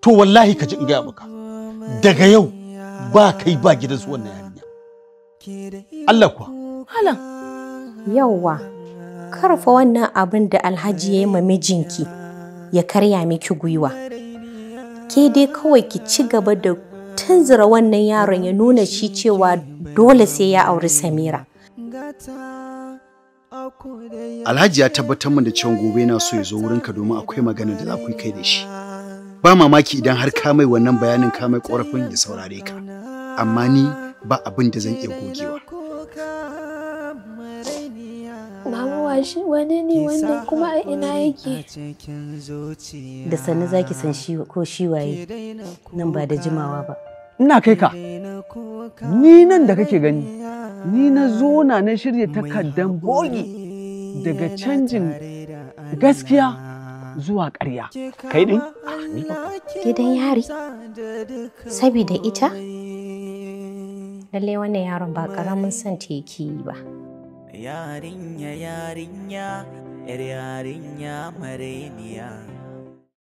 to wallahi ka ji in gaya maka daga yau ba kai ba gidan su wannan yarinya Allah kuwa Allah yawa karfa wannan abin da alhaji ya yi ma mijinki ya karya miki gwiwa ke dai kawai ki ci gaba da tunzura wannan yaron ya nuna shi cewa dole sai ya auri samira alhaji ya tabbatar min da cewa gobe na so ya zo wurinka domin akwai magana da za ku yi kai da shi ba mamaki idan har ka mai wannan bayanin ka mai korafin ya saurare ka amma ni ba abin da zan iya gogewa Mama shi wane ne wanda kuma a ina yake da sannu zaki san shi ko shi waye nan ba da jimawa ba ina kai ka ni nan da kake gani ni na zo na na shirya takardar bogi daga canjin gaskiya zuwa ƙarya kai din gidan yari saboda ita lallai wannan yaron ba ƙaramin son ta ba yarinya yarinya yar yarinya mareniya